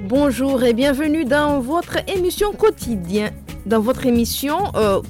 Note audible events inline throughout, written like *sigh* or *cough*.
bonjour et bienvenue dans votre émission quotidienne. Dans votre émission euh,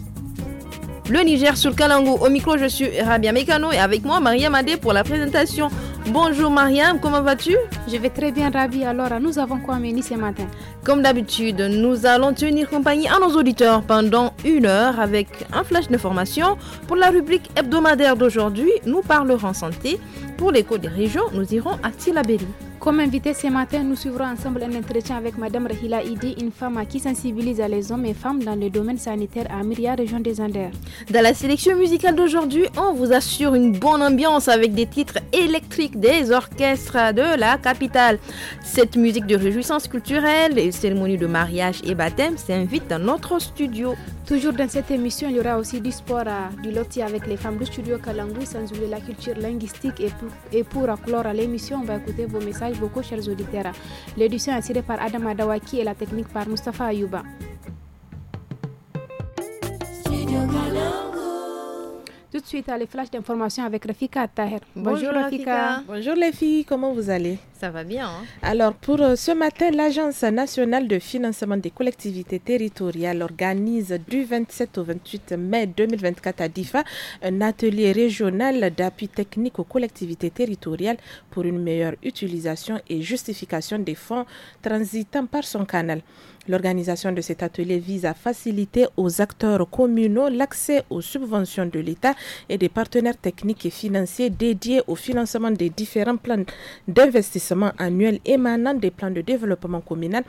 Le Niger sur le Kalango. Au micro, je suis Rabia Mekano et avec moi Mariam Adé pour la présentation. Bonjour Mariam, comment vas-tu Je vais très bien Rabia. Alors, nous avons quoi mener ce matin Comme d'habitude, nous allons tenir compagnie à nos auditeurs pendant une heure avec un flash d'information. Pour la rubrique hebdomadaire d'aujourd'hui, nous parlerons santé. Pour l'écho des régions, nous irons à Tilaberi. Comme invité ce matin, nous suivrons ensemble un entretien avec Madame Rahila Idi, une femme qui sensibilise les hommes et femmes dans le domaine sanitaire à Myria, région des Anders. Dans la sélection musicale d'aujourd'hui, on vous assure une bonne ambiance avec des titres électriques des orchestres de la capitale. Cette musique de réjouissance culturelle et cérémonie de mariage et baptême s'invite dans notre studio. Toujours dans cette émission, il y aura aussi du sport, du loti avec les femmes du studio Kalangui, sans oublier la culture linguistique. Et pour, et pour clore l'émission, on va écouter vos messages beaucoup, chers auditeurs. L'édition est assurée par Adam Adawaki et la technique par Mustafa Yuba. Tout de suite, à les flashs d'informations avec Rafika Taher. Bonjour, Rafika. Bonjour les filles, comment vous allez Ça va bien. Hein? Alors, pour euh, ce matin, l'Agence nationale de financement des collectivités territoriales organise du 27 au 28 mai 2024 à DIFA un atelier régional d'appui technique aux collectivités territoriales pour une meilleure utilisation et justification des fonds transitant par son canal. L'organisation de cet atelier vise à faciliter aux acteurs communaux l'accès aux subventions de l'État et des partenaires techniques et financiers dédiés au financement des différents plans d'investissement annuels émanant des plans de développement communal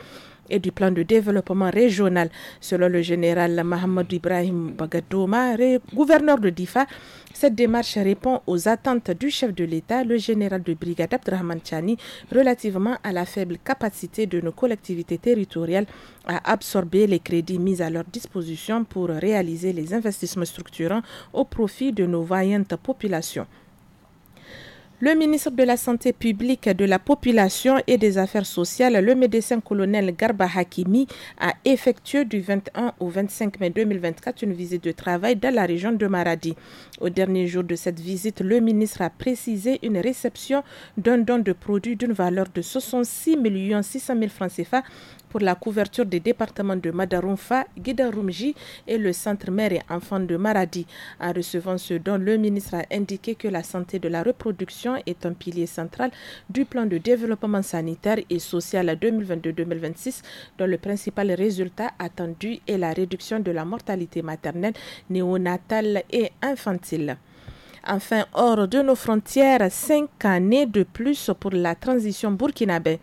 et du plan de développement régional. Selon le général Mohamed Ibrahim Bagadouma, gouverneur de Difa, cette démarche répond aux attentes du chef de l'État, le général de brigade Abdrahman Chani, relativement à la faible capacité de nos collectivités territoriales à absorber les crédits mis à leur disposition pour réaliser les investissements structurants au profit de nos vaillantes populations. Le ministre de la Santé publique, de la Population et des Affaires sociales, le médecin colonel Garba Hakimi, a effectué du 21 au 25 mai 2024 une visite de travail dans la région de Maradi. Au dernier jour de cette visite, le ministre a précisé une réception d'un don de produits d'une valeur de 66 600 000 francs CFA pour la couverture des départements de Madarumfa, Guidarumji et le centre mère et enfant de Maradi. En recevant ce don, le ministre a indiqué que la santé de la reproduction est un pilier central du plan de développement sanitaire et social 2022-2026, dont le principal résultat attendu est la réduction de la mortalité maternelle, néonatale et infantile. Enfin, hors de nos frontières, cinq années de plus pour la transition burkinabé.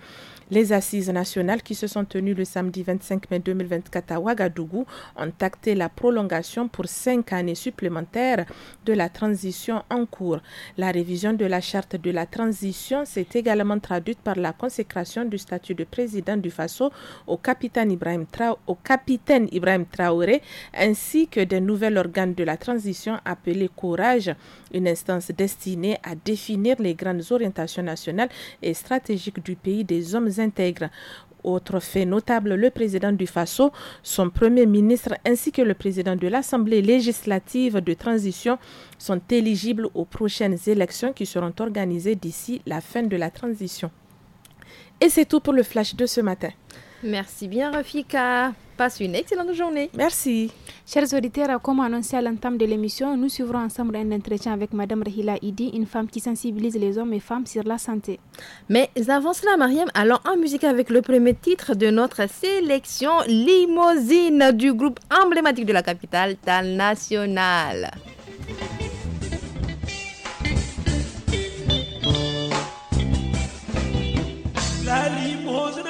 Les assises nationales qui se sont tenues le samedi 25 mai 2024 à Ouagadougou ont acté la prolongation pour cinq années supplémentaires de la transition en cours. La révision de la charte de la transition s'est également traduite par la consécration du statut de président du FASO au capitaine Ibrahim, Traoré, ainsi que d'un nouvel organe de la transition appelé Courage, une instance destinée à définir les grandes orientations nationales et stratégiques du pays des hommes intègre. Autre fait notable, le président du FASO, son premier ministre ainsi que le président de l'Assemblée législative de transition sont éligibles aux prochaines élections qui seront organisées d'ici la fin de la transition. Et c'est tout pour le flash de ce matin. Merci bien, Rafika. Passe une excellente journée. Merci. Chers auditeurs, comme annoncé à l'entame de l'émission, nous suivrons ensemble un entretien avec Madame Rahila Idi, une femme qui sensibilise les hommes et femmes sur la santé. Mais avant cela, Mariam, allons en musique avec le premier titre de notre sélection Limousine du groupe emblématique de la capitale, Tal National. La limousine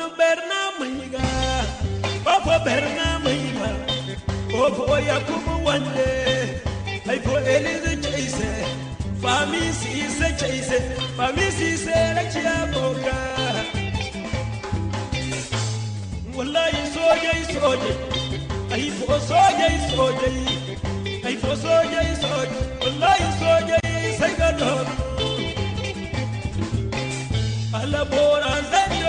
Wopo Yakubu one day, I put Eliza Chase, Famis is a chase, Famis is a Chiaboka. Wallahi soja is soja, I for soja is soja, I for soja is soja, Wallahi soja is a god. Alabora Zendo,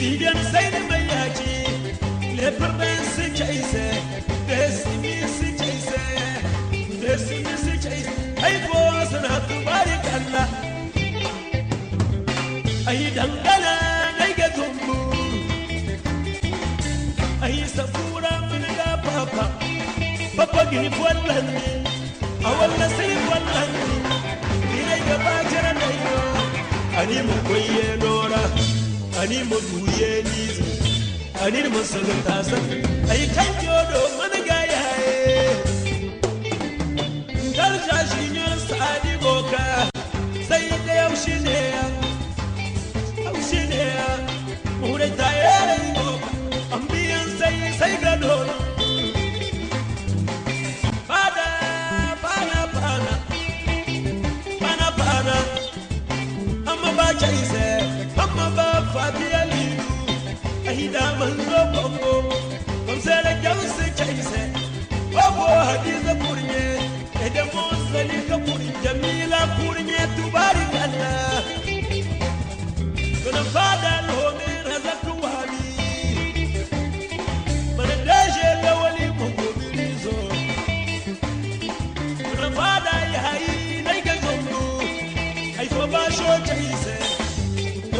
Bidiyan sayda mayaji Lepar ben si chayse Desi mi si chayse Desi mi si chayse Ay boas na tubarik Allah Ay dangala naiga tumbu Ay safura minga papa Papa gini fwallani Awal nasi fwallani Dinaiga bajara naiga Ani mukoye nora Ani mukoye nora I need more mo duye I need more solo I ai kan jodo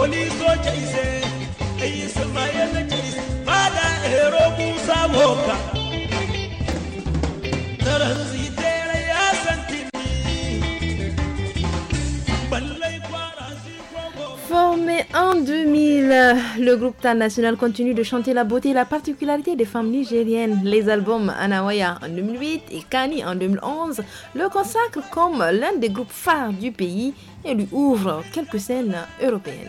Police, oh, Jay, say, hey, it's a fire, Formé en 2000, le groupe Tan National continue de chanter la beauté et la particularité des femmes nigériennes. Les albums Anawaya en 2008 et Kani en 2011 le consacrent comme l'un des groupes phares du pays et lui ouvrent quelques scènes européennes.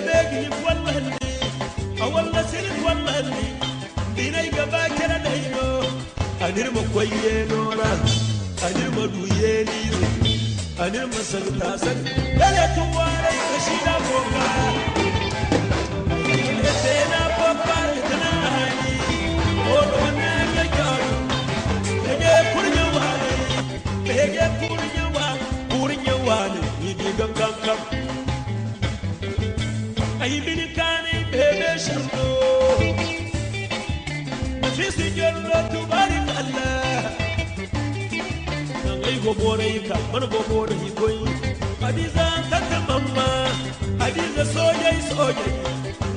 بيجي والله اللي أول سنة والله اللي بيني قباك أنا دايما أنا مكوية نورا أنا مدوية ليرو أنا مسلطة سك لا لا تواري كشينا بوكا كتنا بوكا كتنا هاي ولونا كجارو بيجي كورنيا واني بيجي كورنيا واني كورنيا واني يدي كم كم كم I'm the baby, be ayibini kani bebe sharlo nafisi jollo tubari kalla nangai gobore yika man gobore yikoi hadiza tata mamma hadiza sojai sojai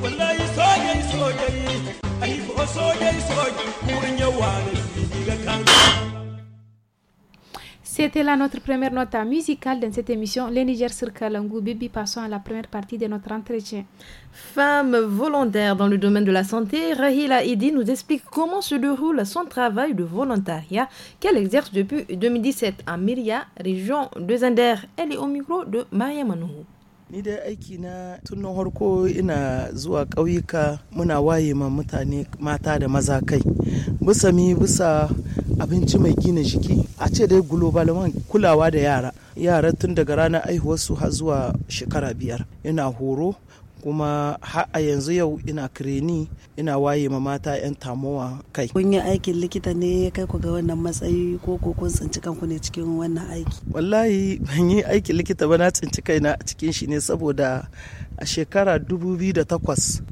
wallahi sojai sojai ayi ko sojai sojai kurin yawani C'était là notre première note musicale dans cette émission Les Niger sur Kalangou. Bibi, passons à la première partie de notre entretien. Femme volontaire dans le domaine de la santé, Rahila Idi nous explique comment se déroule son travail de volontariat qu'elle exerce depuis 2017 à Miria, région de Zender. Elle est au micro de Maria Manou. ni dai aiki na ina zuwa muna waye ma mutane mata da maza kai abinci mai gina jiki a ce dai global man kulawa da yara yara tun daga ranar aihuwarsu har zuwa shekara biyar yana horo kuma har a yanzu yau ina kireni ina waye ma mata 'yan tamowa kai kun yi aikin likita ne kai ku ga wannan matsayi ko ko kun tsinci kanku ne cikin wannan aiki wallahi ban yi aikin likita ba na tsinci kaina a cikin shi ne saboda a shekara 2008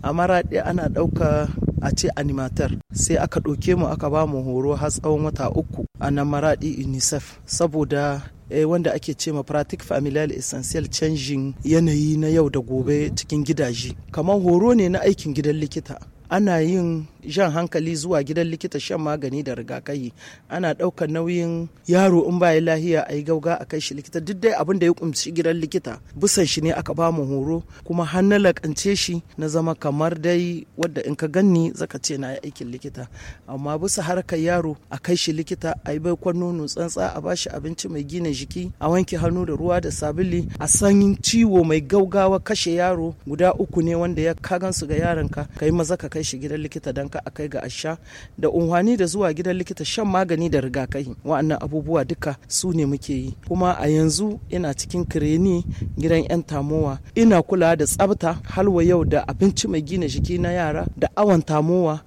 a maraɗi ana ɗauka a ce animatar sai aka ɗauke mu aka ba mu horo har tsawon wata uku a nan maraɗi unicef saboda Eh, wanda ake ce ma pratic familial essential canjin yanayi na yau da gobe mhm. cikin gidaje kamar horo ne na aikin gidan likita ana yin jan hankali zuwa gidan likita shan magani da rigakafi ana ɗaukar nauyin yaro in ya lahiya a yi gauga a kai shi likita duk dai abin da ya kumshi gidan likita bisan shi ne aka bamu horo kuma har na lakance shi na zama kamar dai wadda in ka ganni zaka ce na yi aikin likita amma bisa harkar yaro a kai shi likita a yi baikon nono tsantsa a ba shi abinci mai gina jiki a wanke hannu da ruwa da sabili a san ciwo mai gaugawa kashe yaro guda uku ne wanda ya ka su ga yaronka ka yi maza ka kai shi gidan likita dan ka ka kai ga asha da unhwani da zuwa gidan likita shan magani da rigakafi wa'annan abubuwa duka su ne muke yi kuma a yanzu ina cikin kireni gidan yan tamowa ina kula da tsabta halwa yau da abinci mai gina jiki na yara da awon tamowa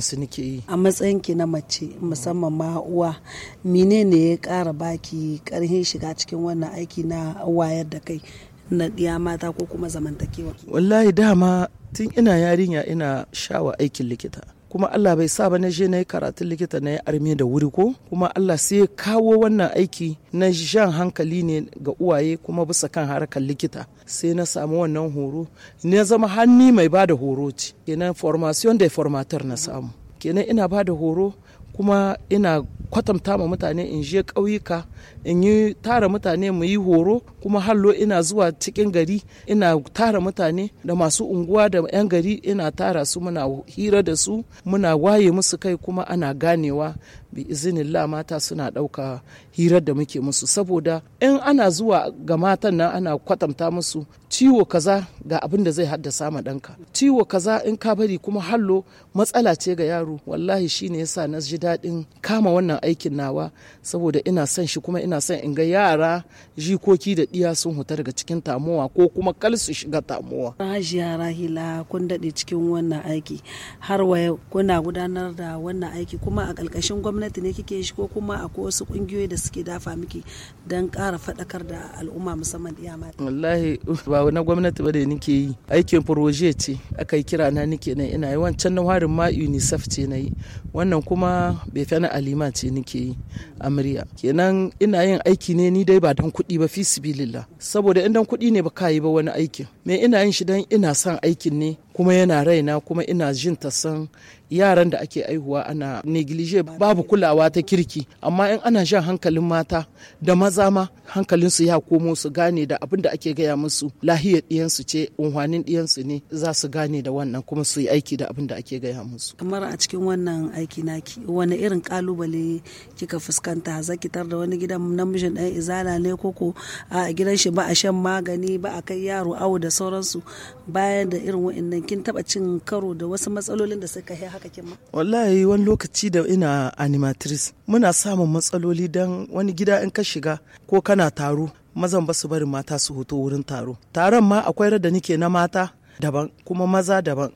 su nake yi a matsayinki na mace musamman ma uwa menene ya kara baki karhin shiga cikin wannan aiki na wayar da kai na ɗiya mata ko kuma zamantakewa wallahi dama tun ina yarinya ina shawa aikin likita kuma Allah bai sa ba na je na yi karatun likita na yi armi da wuri ko kuma Allah sai kawo wannan aiki na jan hankali ne ga uwaye kuma bisa kan harkar likita sai na samu wannan horo na zama hannu mai ba da horo ce kenan formation da formatar na samu kenan ina ba da horo kuma ina kwatanta ma mutane in je ƙauyuka in yi tara mutane mu yi horo kuma hallo ina zuwa cikin gari ina tara mutane da masu unguwa da 'yan gari ina tara su muna hira da su muna waye musu kai kuma ana ganewa bi la mata suna ɗauka hirar da muke musu saboda in ana zuwa ga matan nan ana kwatanta musu ciwo kaza ga abin da zai haddasa ma ɗanka ciwo kaza in ka bari kuma hallo matsala ce ga yaro wallahi shine yasa na ji daɗin kama wannan aikin nawa saboda ina son shi kuma ina son in ga yara jikoki da ɗiya sun huta daga cikin tamowa ko kuma kal su shiga tamowa yara hila kun daɗe cikin wannan aiki har wa kuna gudanar da wannan aiki kuma a ƙarƙashin gwamnati gwamnati ne kike shi ko kuma akwai wasu kungiyoyi da suke dafa miki don ƙara faɗakar da al'umma musamman iya mata wallahi ba na gwamnati ba da nike yi aikin proje ce aka yi kira na nike nan ina yi wancan na warin ma unicef ce na yi wannan kuma bai fi na alima ce nike yi amarya kenan ina yin aiki ne ni dai ba don kuɗi ba fi sibilillah saboda in don kuɗi ne ba ka yi ba wani aikin me ina yin shi don ina son aikin ne kuma yana raina kuma ina jin ta san yaran da ake aihuwa ana neglige babu kulawa ta kirki amma in ana shan hankalin mata da maza ma hankalinsu ya komo su gane da abin da ake gaya musu lahiyar diyansu ce unhwanin diyansu ne za su gane da wannan kuma su yi aiki da abin da ake gaya musu kamar a cikin wannan aiki naki wani irin kalubale kika fuskanta zaki tar da wani gidan namijin ɗan izala ne koko a gidan shi ba a shan magani ba a kai yaro awo da sauransu bayan da irin wa'annan kin taba cin karo da wasu matsalolin da suka haka kin wallahi wani lokaci da ina animatris muna samun matsaloli don wani gida in ka shiga ko kana taro mazan ba su bari mata su hoto wurin taro taron ma akwai rada nike na mata daban kuma maza daban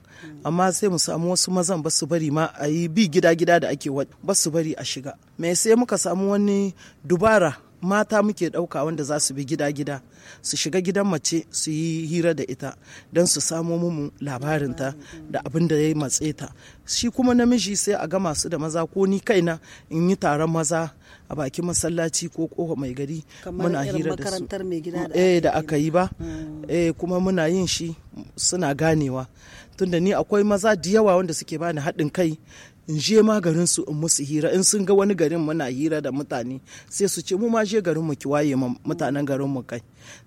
amma sai mu samu wasu mazan ba su bari ma a yi bi gida-gida da ake ba su bari a shiga me sai muka samu wani dubara mata muke ɗauka wanda za su bi gida-gida su shiga gidan mace su yi hira da ita don su samo mumu labarinta da abin da ya matse ta shi kuma namiji sai a gama su da maza ko ni kaina in yi taron maza a bakin masallaci ko kowa mai gari muna hira da su eh da aka yi ba mm. eh kuma muna yin shi suna ganewa tunda ni akwai maza da yawa wanda suke bani haɗin kai in je ma garin su in musu hira in sun ga wani garin muna hira da mutane sai su ce mu ma je garin mu ki waye mutanen garin mu kai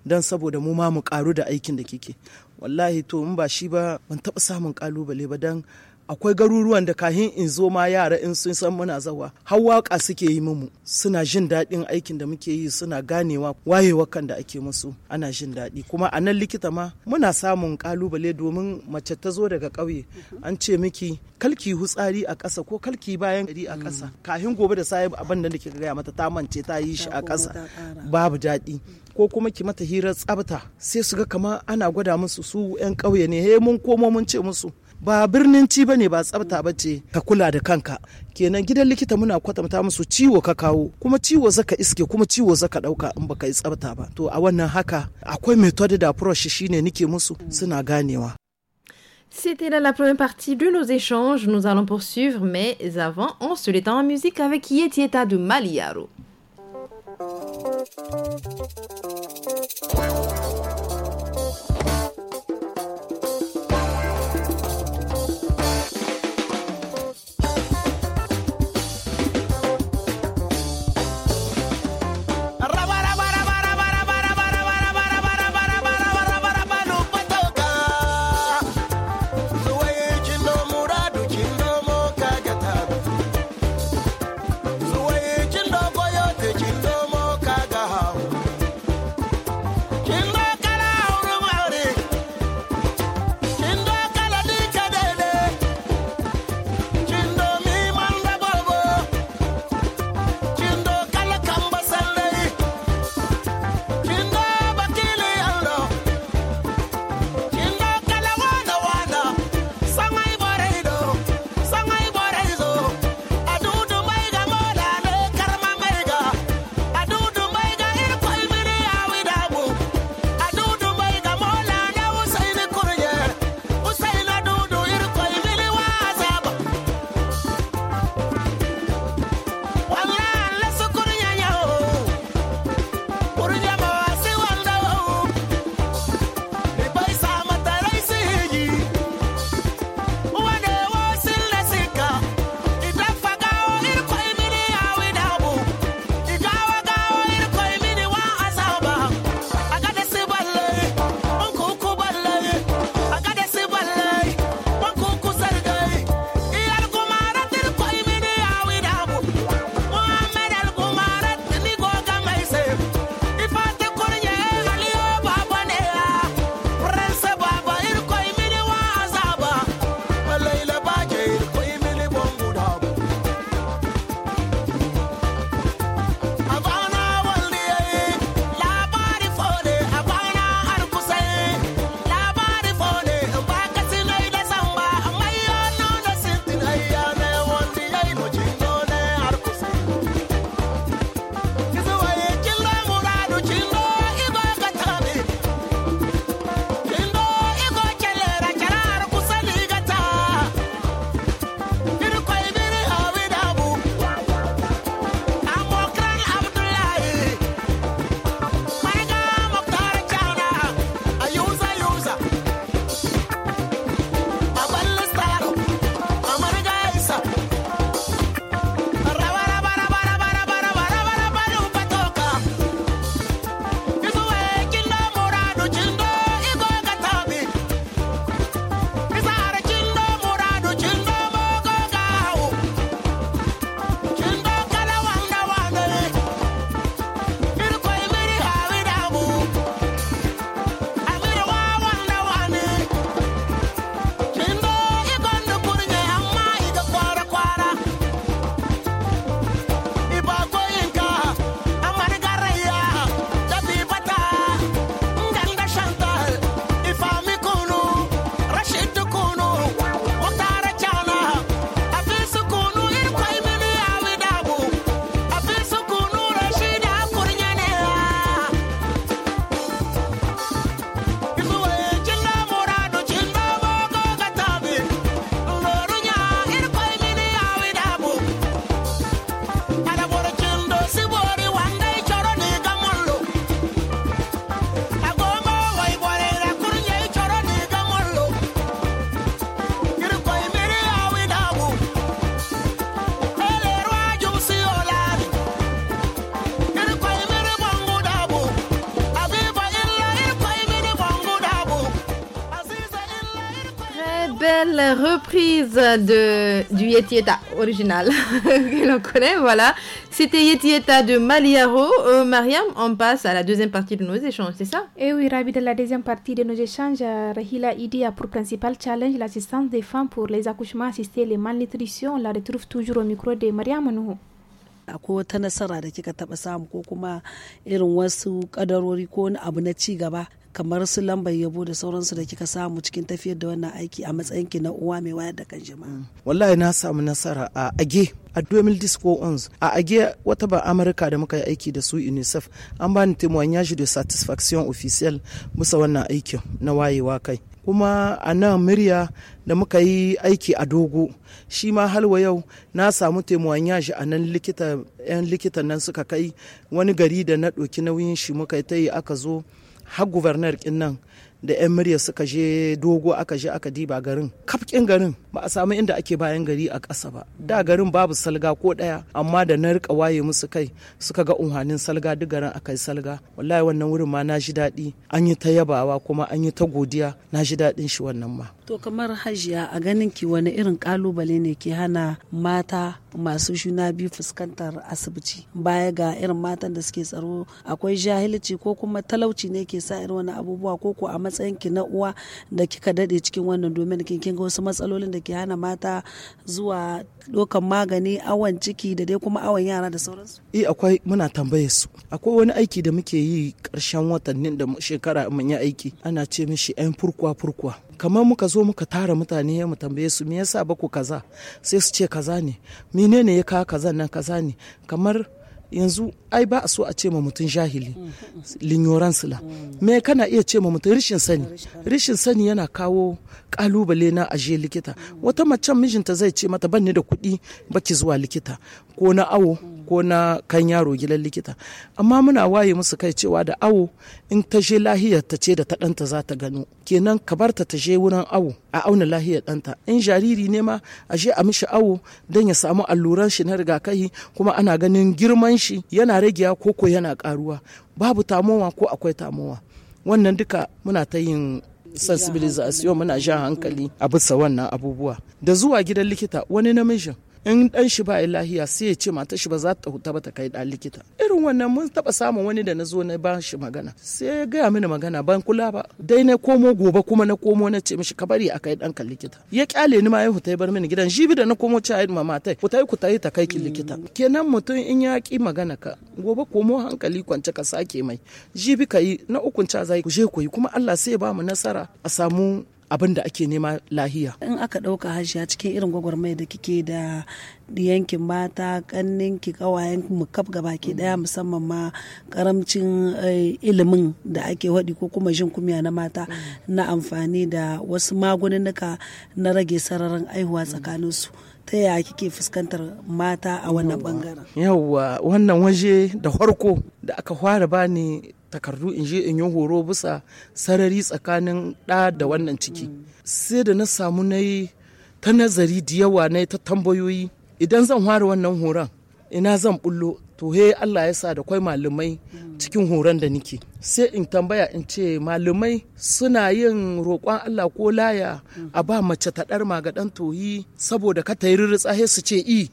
dan saboda mu ma mu karu da aikin da kike wallahi to in ba shi ba ban taba samun kalubale ba dan akwai garuruwan da kahin in zo ma yara in sun san muna zawa har waka suke yi mumu suna jin daɗin aikin da muke yi suna ganewa wayewa kan da ake musu ana jin daɗi kuma a nan likita ma muna samun kalubale domin mace ta zo daga ƙauye an ce miki kalki hutsari a ƙasa ko kalki bayan gari a ƙasa kahin gobe da sai abin da nake gaya mata ta mance ta yi shi a ƙasa babu daɗi ko kuma ki mata hirar tsabta sai su ga kamar ana gwada musu su 'yan ƙauye ne he mun komo mun ce musu ba birnin ci bane ba tsafta bace ka kula da kanka kenan gidan likita muna kwatanta musu ciwo ka kawo kuma ciwo zaka iske kuma ciwo zaka dauka in baka yi tsafta ba to a wannan haka akwai method da approach shine nike musu suna ganewa C'était là la première partie de nos échanges. Nous allons poursuivre, mais avant, on se détend en musique avec Yetieta de Maliaro. de, du Yetieta original *laughs* que l'on connaît, voilà. C'était Yetieta de Maliaro. Euh, Mariam, on passe à la deuxième partie de nos échanges, c'est ça Eh oui, ravi de la deuxième partie de nos échanges, euh, Rahila Idi a pour principal challenge l'assistance des femmes pour les accouchements assistés les malnutritions. On la retrouve toujours au micro de Mariam kamar su lambar yabo da sauransu da kika samu cikin tafiyar da wannan aiki a matsayin ki na uwa mai wayar da kan jama'a mm. wallahi na samu nasara a age a 2011 a age wata ba amurka da muka yi aiki da su unicef an bani témoignage de satisfaction officiel musa wannan aikin na wayewa kai kuma a nan murya da muka yi aiki a dogo shi ma halwa yau na samu yashi a nan likita yan likitan nan suka kai wani gari da na ɗoki nauyin shi muka ta yi aka zo har guvernar kinnan da 'yan murya suka je dogo aka je aka diba garin kafkin garin ba a samu inda ake bayan gari a ƙasa ba da garin babu salga ko ɗaya amma da na rika waye musu kai suka ga unhanin salga duk garin kai salga wallahi wannan wurin ma na ji daɗi an yi ta yabawa kuma an yi ta godiya na ji daɗin shi wannan ma to kamar hajiya a ganin ki wani irin kalubale ne ke hana mata masu juna biyu fuskantar asibiti baya ga irin matan da suke tsaro akwai jahilci ko kuma talauci ne ke sa irin wani abubuwa ko ko a matsayin ki na uwa da kika dade cikin wannan domin kin ga wasu matsalolin da ki hana mata zuwa dokan magani awon ciki da dai kuma awon yara da sauransu E, akwai muna tambaye su akwai wani aiki da muke yi karshen watannin da shekara mun yi aiki ana ce mishi yan furkuwa furkuwa. kamar muka zo muka tara mutane mu tambaye su me yasa ba ku kaza sai su ce kaza ne menene ya kawo kaza nan kaza ne kamar yanzu ai ba a so a ce ma mutum jahili l'ignorance la me kana iya ce ma mutum rishin sani rishin sani yana kawo kalubale na aje likita wata macen mijinta zai ce mata ban ni da kuɗi baki zuwa likita ko na awo ko na kan yaro gidan likita amma muna waye musu kai cewa da awo in ta je lahiyar ta ce da ta ɗanta za ta gano kenan ka barta ta je wurin awo a auna lahiyar ɗanta in jariri ne ma a je a mishi awo don ya samu alluran shi na rigakahi kuma ana ganin girman shi yana yana ragewa ko yana karuwa babu tamowa ko akwai tamowa wannan duka muna ta yin sensibilization muna jan hankali a bisa wannan abubuwa da zuwa gidan likita wani namijin in dan shi ba lahiya sai ya ce mata shi ba za ta huta ba ta kai dan likita irin wannan mun taba samun wani da na zo na ba shi magana sai ya gaya mini magana ban kula ba dai na komo gobe kuma na komo na ce mishi ka bari a kai dan kan likita ya kyale ni ma ya huta ya bar mini gidan jibi da na komo ci ayi mama tai huta ku tayi ta kai ki likita mm. kenan mutum in ya ki magana ka gobe komo hankali kwance ka sake mai jibi ka yi na ukun ca zai ku je ku yi kuma Allah sai ya ba mu nasara a samu abin da ake nema lahiya. In aka ɗauka hajiya cikin irin gwagwarmai da kike da yankin mata ki kawayen mu kaf gaba ke daya musamman ma karamcin eh, ilimin da ake waɗi ko kuma jin kumya na mata na amfani da wasu magununnuka na rage sararin aihuwa tsakaninsu. ta yaya kike fuskantar mata a wannan bangaren yawwa wannan waje da farko da aka fara bani takardu in je in yi horo bisa sarari tsakanin ɗa da wannan ciki mm. sai da na samu na yi ta nazari da yawa na ta tambayoyi idan zan fara wannan horon ina zan bullo to he Allah ya sa da kwai malamai cikin horon da nike sai in tambaya in ce malamai suna yin roƙon Allah ko laya a ba mace ta ɗar magadan tohi saboda ka ta yi su ce i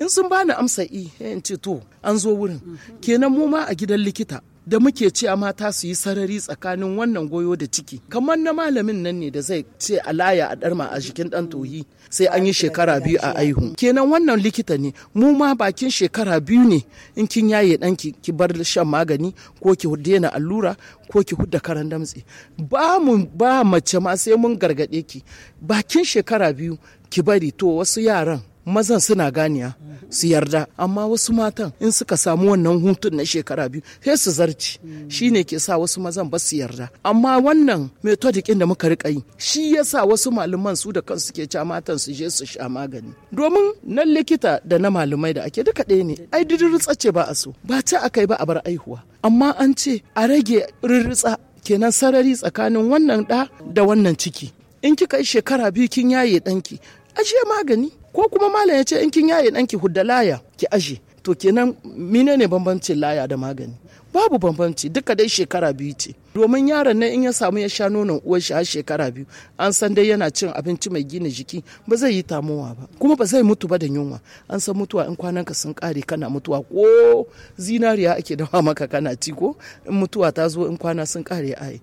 in sun bani amsa i in ce to an zo wurin kenan mu ma a gidan likita da muke ce a mata su yi sarari tsakanin wannan goyo da ciki kamar na malamin nan ne da zai ce a laya a darma a jikin dan tohi sai an yi shekara biyu a aihu kenan wannan likita ne mu ma bakin shekara biyu ne in kin yaye danki ki bar shan magani ko ki daina allura ko ki hudda karan damtse ba mu ba mace ma sai mun gargade ki bakin shekara biyu ki bari to wasu yaran mazan suna ganiya su yarda amma wasu matan in suka samu wannan hutun na shekara biyu sai su zarci shine ke sa wasu mazan ba su yarda amma wannan metodikin da muka rika yi shi ya sa wasu malaman su da kansu ke ca matan su je su sha magani domin nan likita da na malamai da ake duka ɗaya ne ai didiritsa ce ba a so ba ta kai ba a bar aihuwa amma an ce a rage rirritsa kenan sarari tsakanin wannan ɗa da wannan ciki in kika yi shekara biyu kin yaye ɗanki ashe magani ko kuma malam ya ce in kin yaye ɗanki hudda laya ki aje to kenan menene bambancin laya da magani babu bambanci duka dai shekara biyu ce domin yaron nan in ya samu ya sha nonon uwar shi har shekara biyu an san dai yana cin abinci mai gina jiki ba zai yi tamowa ba kuma ba zai mutu ba da yunwa an san mutuwa in kwanan ka sun kare kana mutuwa ko zinariya ake dawa maka kana ci ko in mutuwa ta zo in kwana sun kare ai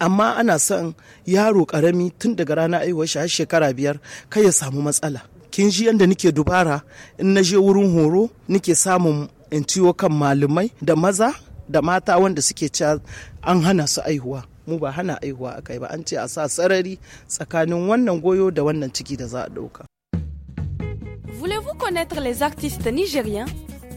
amma ana son yaro karami tun daga rana aiwa shi har shekara biyar kai ya samu matsala kin ji yadda nike dubara in na je wurin horo nike samun in ciwo kan malumai da maza da mata wanda suke ci an hana su aihuwa mu ba hana aihuwa akai ba an ce a sa sarari tsakanin wannan goyo da wannan ciki da za a ɗauka. Voulez-vous connaître les artistes nigériens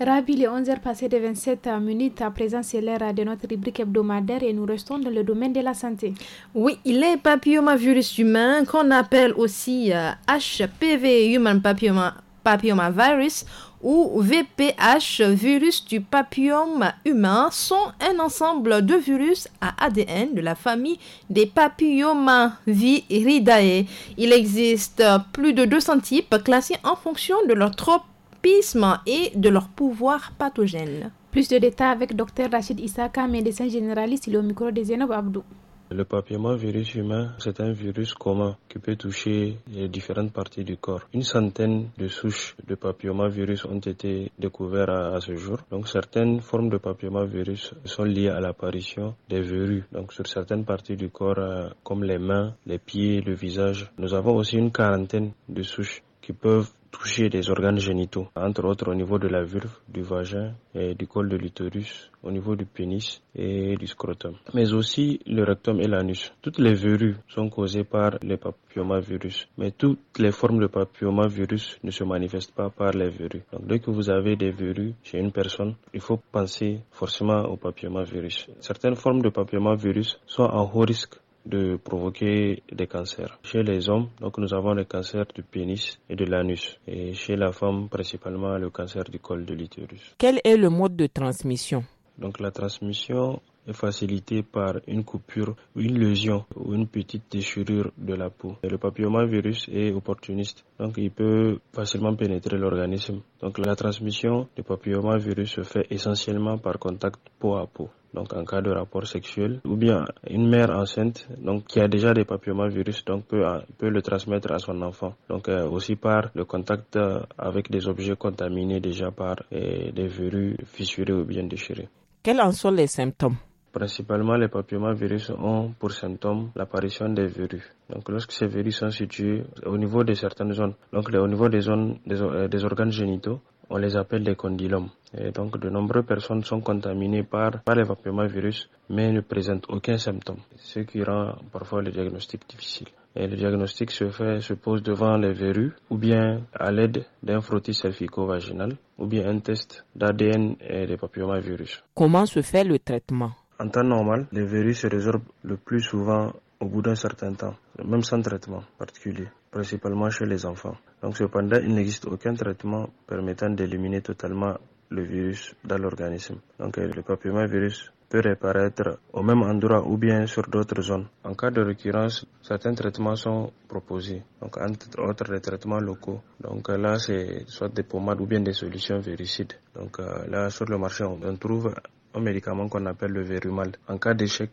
Rabi, les 11h passé de 27 minutes. À présent, c'est l'heure de notre rubrique hebdomadaire et nous restons dans le domaine de la santé. Oui, les papillomavirus humains, qu'on appelle aussi HPV, euh, Human Papilloma, Papillomavirus, ou VPH, virus du papillome humain, sont un ensemble de virus à ADN de la famille des papillomaviridae. Il existe plus de 200 types classés en fonction de leur trop et de leur pouvoir pathogène. Plus de détails avec Dr Rachid Issaka, médecin généraliste, et est au micro Abdou. Le papillomavirus humain, c'est un virus commun qui peut toucher les différentes parties du corps. Une centaine de souches de papillomavirus ont été découvertes à, ce jour. Donc certaines formes de papillomavirus sont liées à l'apparition des verrues. Donc sur certaines parties du corps, euh, comme les mains, les pieds, le visage. Nous avons aussi une quarantaine de souches qui peuvent toucher des organes génitaux, entre autres au niveau de la vulve, du vagin, et du col de l'utérus, au niveau du pénis et du scrotum, mais aussi le rectum et l'anus. Toutes les verrues sont causées par le papillomavirus, mais toutes les formes de papillomavirus ne se manifestent pas par les verrues. Donc dès que vous avez des verrues chez une personne, il faut penser forcément au papillomavirus. Certaines formes de papillomavirus sont en haut risque de provoquer des cancers. Chez les hommes, donc nous avons le cancer du pénis et de l'anus. Et chez la femme, principalement le cancer du col de l'utérus. Quel est le mode de transmission donc la transmission facilité par une coupure, une lésion ou une petite déchirure de la peau. le papillomavirus est opportuniste, donc il peut facilement pénétrer l'organisme. Donc la transmission du papillomavirus se fait essentiellement par contact peau à peau donc en cas de rapport sexuel, ou bien une mère enceinte donc qui a déjà des papillomavirus donc peut, peut le transmettre à son enfant. Donc euh, aussi par le contact euh, avec des objets contaminés déjà par euh, des verrues fissurées ou bien déchirées. Quels en sont les symptômes Principalement, les papillomavirus ont pour symptôme l'apparition des verrues. Donc, lorsque ces verrues sont situées au niveau de certaines zones, donc au niveau des zones euh, des, organes génitaux, on les appelle des condylomes. Et donc, de nombreuses personnes sont contaminées par, par les papillomavirus, mais ne présentent aucun symptôme, ce qui rend parfois le diagnostic difficile. Et le diagnostic se fait, se pose devant les verrues, ou bien à l'aide d'un frottis selfico vaginal ou bien un test d'ADN et des papillomavirus. Comment se fait le traitement en temps normal, les virus se résorbent le plus souvent au bout d'un certain temps, même sans traitement particulier, principalement chez les enfants. Donc cependant, il n'existe aucun traitement permettant d'éliminer totalement le virus dans l'organisme. Donc euh, le papillomavirus peut réapparaître au même endroit ou bien sur d'autres zones. En cas de récurrence, certains traitements sont proposés, donc entre autres les traitements locaux. Donc euh, là, c'est soit des pommades ou bien des solutions virucides. Donc euh, là, sur le marché, on trouve un médicament qu'on appelle le verumal. En cas d'échec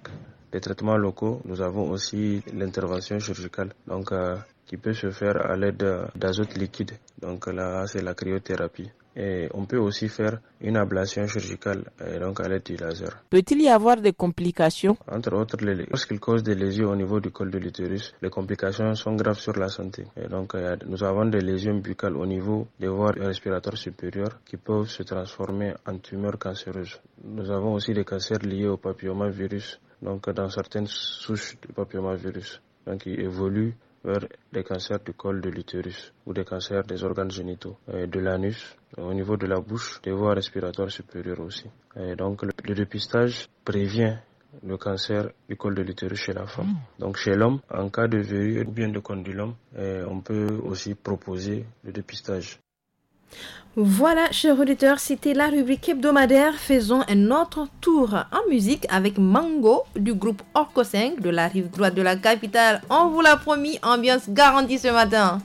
des traitements locaux, nous avons aussi l'intervention chirurgicale. Donc, euh, qui peut se faire à l'aide d'azote liquide. Donc là, c'est la cryothérapie. Et on peut aussi faire une ablation chirurgicale, donc à l'aide du laser. Peut-il y avoir des complications Entre autres, lorsqu'il cause des lésions au niveau du col de l'utérus, les complications sont graves sur la santé. donc, euh, nous avons des lésions buccales au niveau des voies respiratoires supérieures qui peuvent se transformer en tumeurs cancéreuses. Nous avons aussi des cancers liés au papillomavirus, donc dans certaines souches du papillomavirus, donc qui évoluent vers des cancers du col de l'utérus ou des cancers des organes génitaux, et euh, de l'anus, euh, au niveau de la bouche, des voies respiratoires supérieures aussi. donc le, dépistage prévient le cancer du col de l'utérus chez la femme. Hmm. Donc chez l'homme, en cas de verrue ou bien de condylome, euh, on peut aussi proposer le dépistage. Voilà, chers auditeurs, c'était la rubrique hebdomadaire. Faisons un autre tour en musique avec Mango du groupe Orco 5 de la rive droite de la capitale. On vous l'a promis, ambiance garantie ce matin.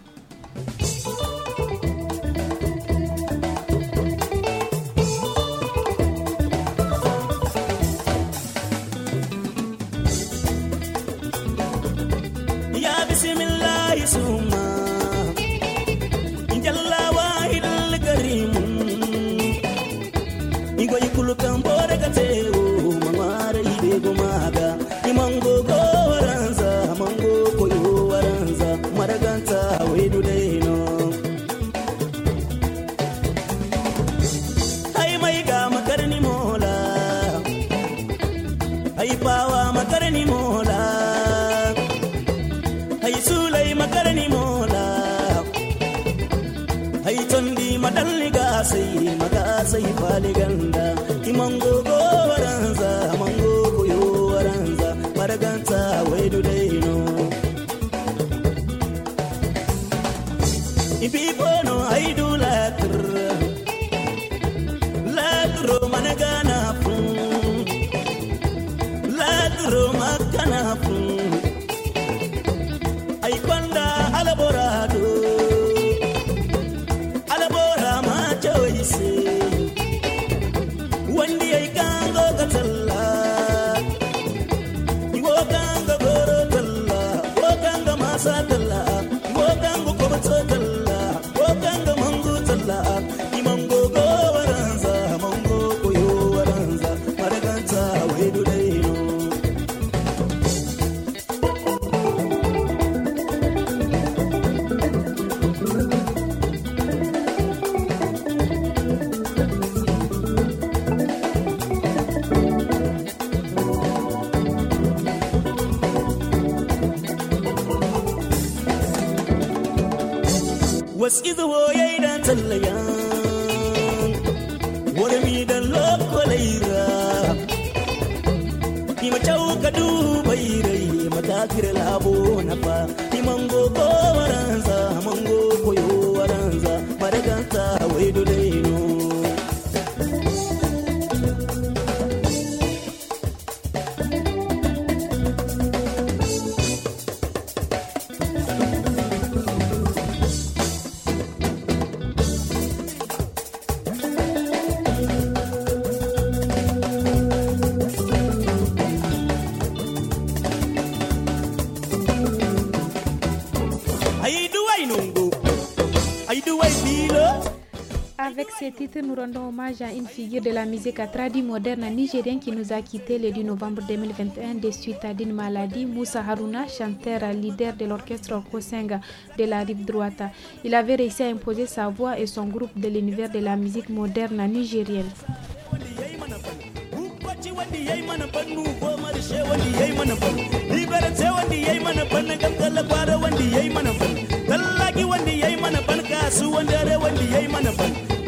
nous rendons hommage à une figure de la musique à moderne nigérienne qui nous a quittés le 10 novembre 2021 des suite à une maladie. Moussa Haruna, chanteur leader de l'orchestre Kosenga de la rive droite. Il avait réussi à imposer sa voix et son groupe de l'univers de la musique moderne nigérienne.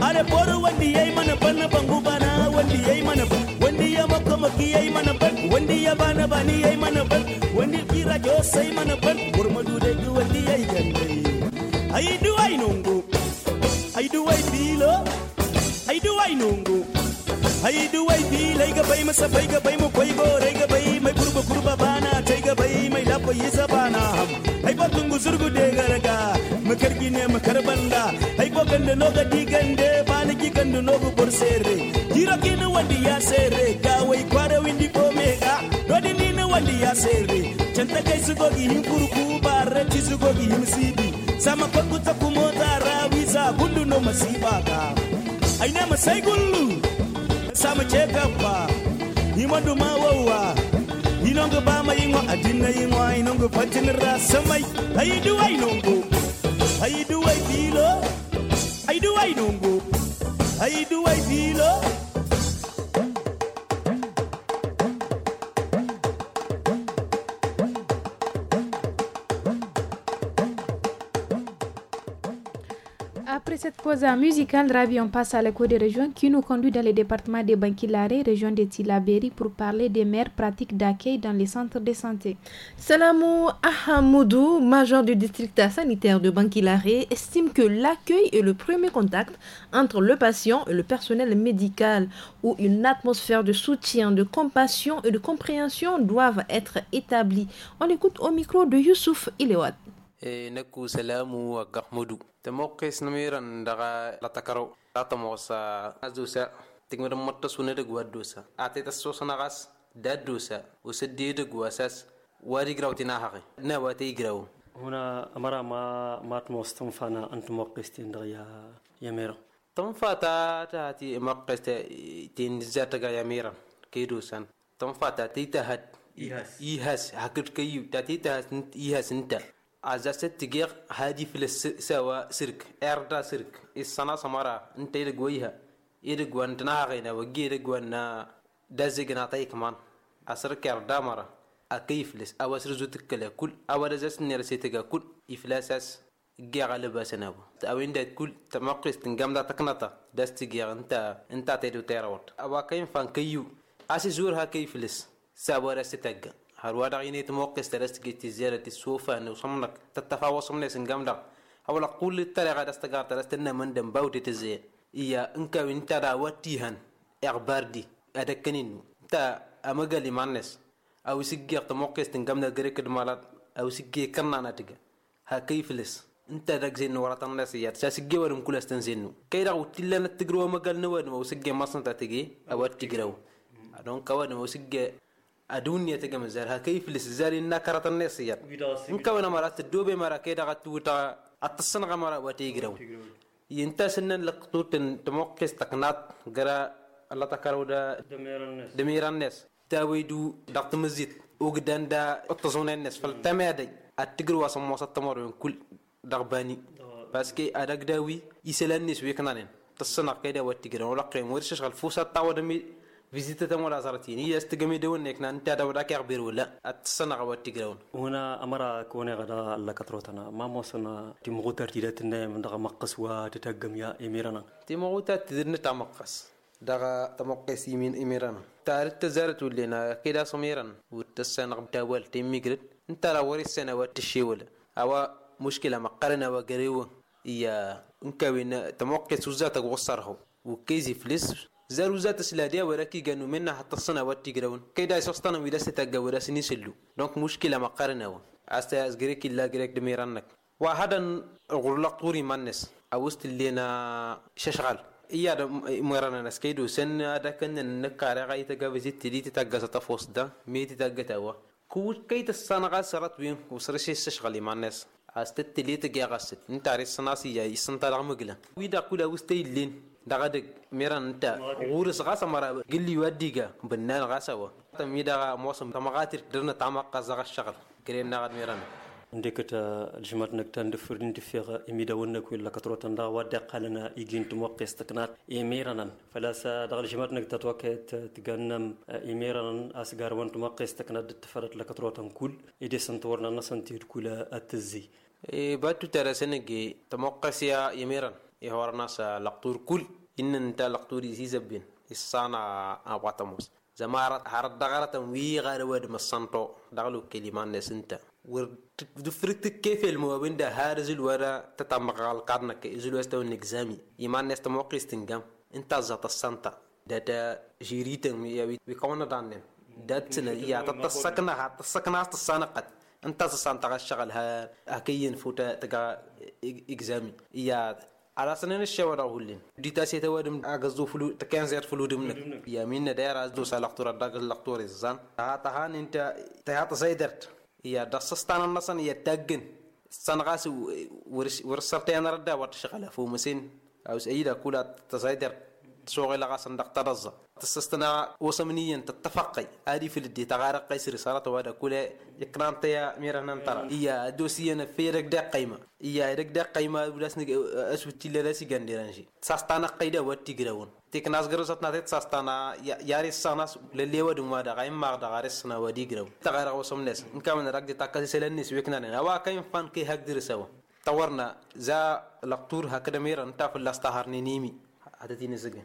అరే బోరు వండి ఏమన బన్న బంగు బాన వండి ఏమన వండియ మొక్క మొక్కి ఏమన బన్ వండియ బాన బాని ఏమన బన్ వండి కీర జోస్ ఏమన బన్ ఉరుమడు రెగ్గు వండి ఐగండి ఐదు ఐ నుంగు ఐదు ఐ బీలో ఐదు ఐ నుంగు ఐదు ఐ బీలైగ బై మస బైగ బై ము కొయ్గో రైగ బై మై కురుబ కురుబ బానా చైగ బై మై లప ఈస బానా హం ai bo tungu zurgu de garga makar gine banda ai bo gande no ga digande bani gande no go bor sere jiro no wandi ya sere ka wai kwara windi ko mega ni no wandi ya sere Chanta kai su gogi him bare ti gogi sibi sama ko kuta kumo tara no masiba ka ai na masai gullu sama cheka pa mawawa inongo ba ma yinwa adina yinwa inongo patin rasamai ai do ai nongo ai do ai bilo ai do ai nongo ai do ai bilo cette pause musicale, Ravi, on passe à l'écho des régions qui nous conduit dans le département de Bankilare, région de Tilabéri, pour parler des meilleures pratiques d'accueil dans les centres de santé. Salamou Ahamoudou, major du district sanitaire de Bankilare, estime que l'accueil est le premier contact entre le patient et le personnel médical, où une atmosphère de soutien, de compassion et de compréhension doivent être établies. On écoute au micro de Youssouf Ilewat. نكو سلامو وغحمدو تموقع سنميرا دغا لا تكرو لا تموسا أزوسا تكمير مرتسونا دغوا دوسا آتي تسوسا نغاس داد دوسا وسدي دغوا ساس واري غراو تناحقي نواتي غراو هنا أمرا ما ما تموس تنفانا أنت موقستين دغيا يميرا تنفاتا تاتي موقستا تنزاتا غا يميرا كي دوسان تنفاتا تيتا هات إيهاس إيهاس هكذا كيو تاتي تاتي إيهاس انتا ازا ست جيغ هادي في سوا سيرك اردا سيرك السنة سمارا انت يرقويها يرقوان تناغينا وقي يرقوان دازيقنا طيك مان اسرك اردا مرة اكيف لس او اسر زوتك لا كل او دازاس نيرسيتك كل افلاسس جيغا لباسنا بو او انت كل تمقس تنقام دا تقنطة داست جيغ انت انت تيدو تيراوت او كاين فان كيو اسي ها كيف لس سوا راستك هالوارع يني تموقع سترست جيت زيارة السوفة أنه صمنك تتفاوى صمنا سنجامدر أولا قول التلغة دستقار تلستنا من دم باودي تزير إيا إنكا وانترا واتيهن إغبار دي أدكنينو تا أمغالي مانس أو سيجي تموقع ستنجامدر غريك دمالات أو سيجي كرنانا تيجا ها كيفلس انت داك زين ورا تنس يا تسجي ورم كل استنزينو كيدا وتلا نتجرو مقال نواد وسجي مصنتا تجي او تجرو دونك واد وسجي aduunyaa tegemezaar hakayf liszaarina karatannee siyan inkawana marat doobe mara keedaqatti wuta attasanaqa mara wateegirawun yinta sinan laqtuutin tumoqqis taknaat gara allata karawda demirannes taaweydu daqtimizit ogdanda ottasunennes faltameaday attigir wasamoosattamoroyon kul daqbani parce que adagdawi isalannis weknanen tassanaq keeda wattigiran olaqeen wershashqal fuusaa tawadami فيزيتا تمولا زرتين هي استقمي دون نكنا انت دولا كيغبير ولا اتصنع واتقرون هنا امر كوني غدا الله كتروتنا ما موصلنا تيمغوتر تيدتنا من دغ مقص وتتقم يا اميرنا تيمغوتر تدرنا تمقص دغ تمقص يمين اميرنا تارت تزارت ولينا كدا سميرا وتسنغ بتاول تيميغرد انت لا وري السنوات تشيول او مشكله مقرنا وقريوه يا انكوين تمقص وزاتك وصره وكيزي فلس زاروزات سلادية وراكي جانو منها حتى الصنا واتي جراون كيدا يسوستانا ويدس تاقا سلو دونك مشكلة ما قارناو أستا أزجريكي لا جريك دميرانك وهذا غرلق طوري مانس أوست لينا ششغال يا ميرانا ناس كيدو سن هذا كان نكارا غاي تاقا فيزيت تليت تاقا ستافوس دا ميتي تاقا تاوا كوت كيت الصنا غا سرات بيم وسرشي ششغال مانس أستا تليت تاقا غاست نتاري الصناسي يا يسنتا لغمقلا ويدا قولا وستي لين daga miran ta wuris gasa mara gilli wadiga binnan gasa wa ta mi daga mosum ta magatir dirna ta makka zaga shagal gire na gad miran ndekata aljimat nak tan defur ndi fiqa imida wonnak willa katro tan da wadda qalana igin tum waqis taknat imiranan fala sa daga aljimat nak tatwaket tganam imiranan asgar won tum waqis taknat tafarat la katro tan kul ide santorna nasantir kula atzi e batu tara senegi tamoqqasiya imiran يهورناسا لقطور كل إن أنت لقطور بين الصانع أبواتموس زما هرد دغرة وي غير ود مسانتو دغلو كلمة نسنتا ودفرت كيف الموابين ده هارز الورا تتمغى القرن كيزلو استو نكزامي يمان نستموقي استنجام انت زات السانتا دادا جيريتن ويكونا دانن داتنا يا تتسكنا تتسكنا تسانقت انت تسانتا غشغل ها هكين فوتا تقا اكزامي يا አላስነን ሸወራው ሁልን ዲታ ሴተወድም አገዙ ፍሉ ተከንዘር ፍሉ ድምነ ያሚነ ዳራ አዝዶ ሳላክቶር አዳገ ላክቶር እዛን ታሃታሃን እንተ ታሃታ ሳይደርት يا دسستان النصن يتجن سنغاس ورس ورسرتين ردا وتشغل فومسين أو سيدا كولا تسيدر تسوغي لغا صندق ترزا تستنا وسمنيا تتفقي هذه في الدي تغارق قيس رسالة وهذا كل إقرام تيا ميرنا نطرا إيه. إيا دوسيا في رك دا قيمة إيا رك دا قيمة بلاسنك أسوتي لراسي غانديرانجي ساستانا قيدا غراون تيك ناس غرو غرزت ناتي تساستانا ياري ساناس لليوا دموا دا غايم ماغ دا غارس سنا ودي غرو تغارق وسم ان كامن راك دي تاكاسي سلنيس ويكنا نينا كاين فان كي هاك دير سوا تورنا ذا لقطور هكذا ميرا في اللاستهارني نيمي هذا تيني زغن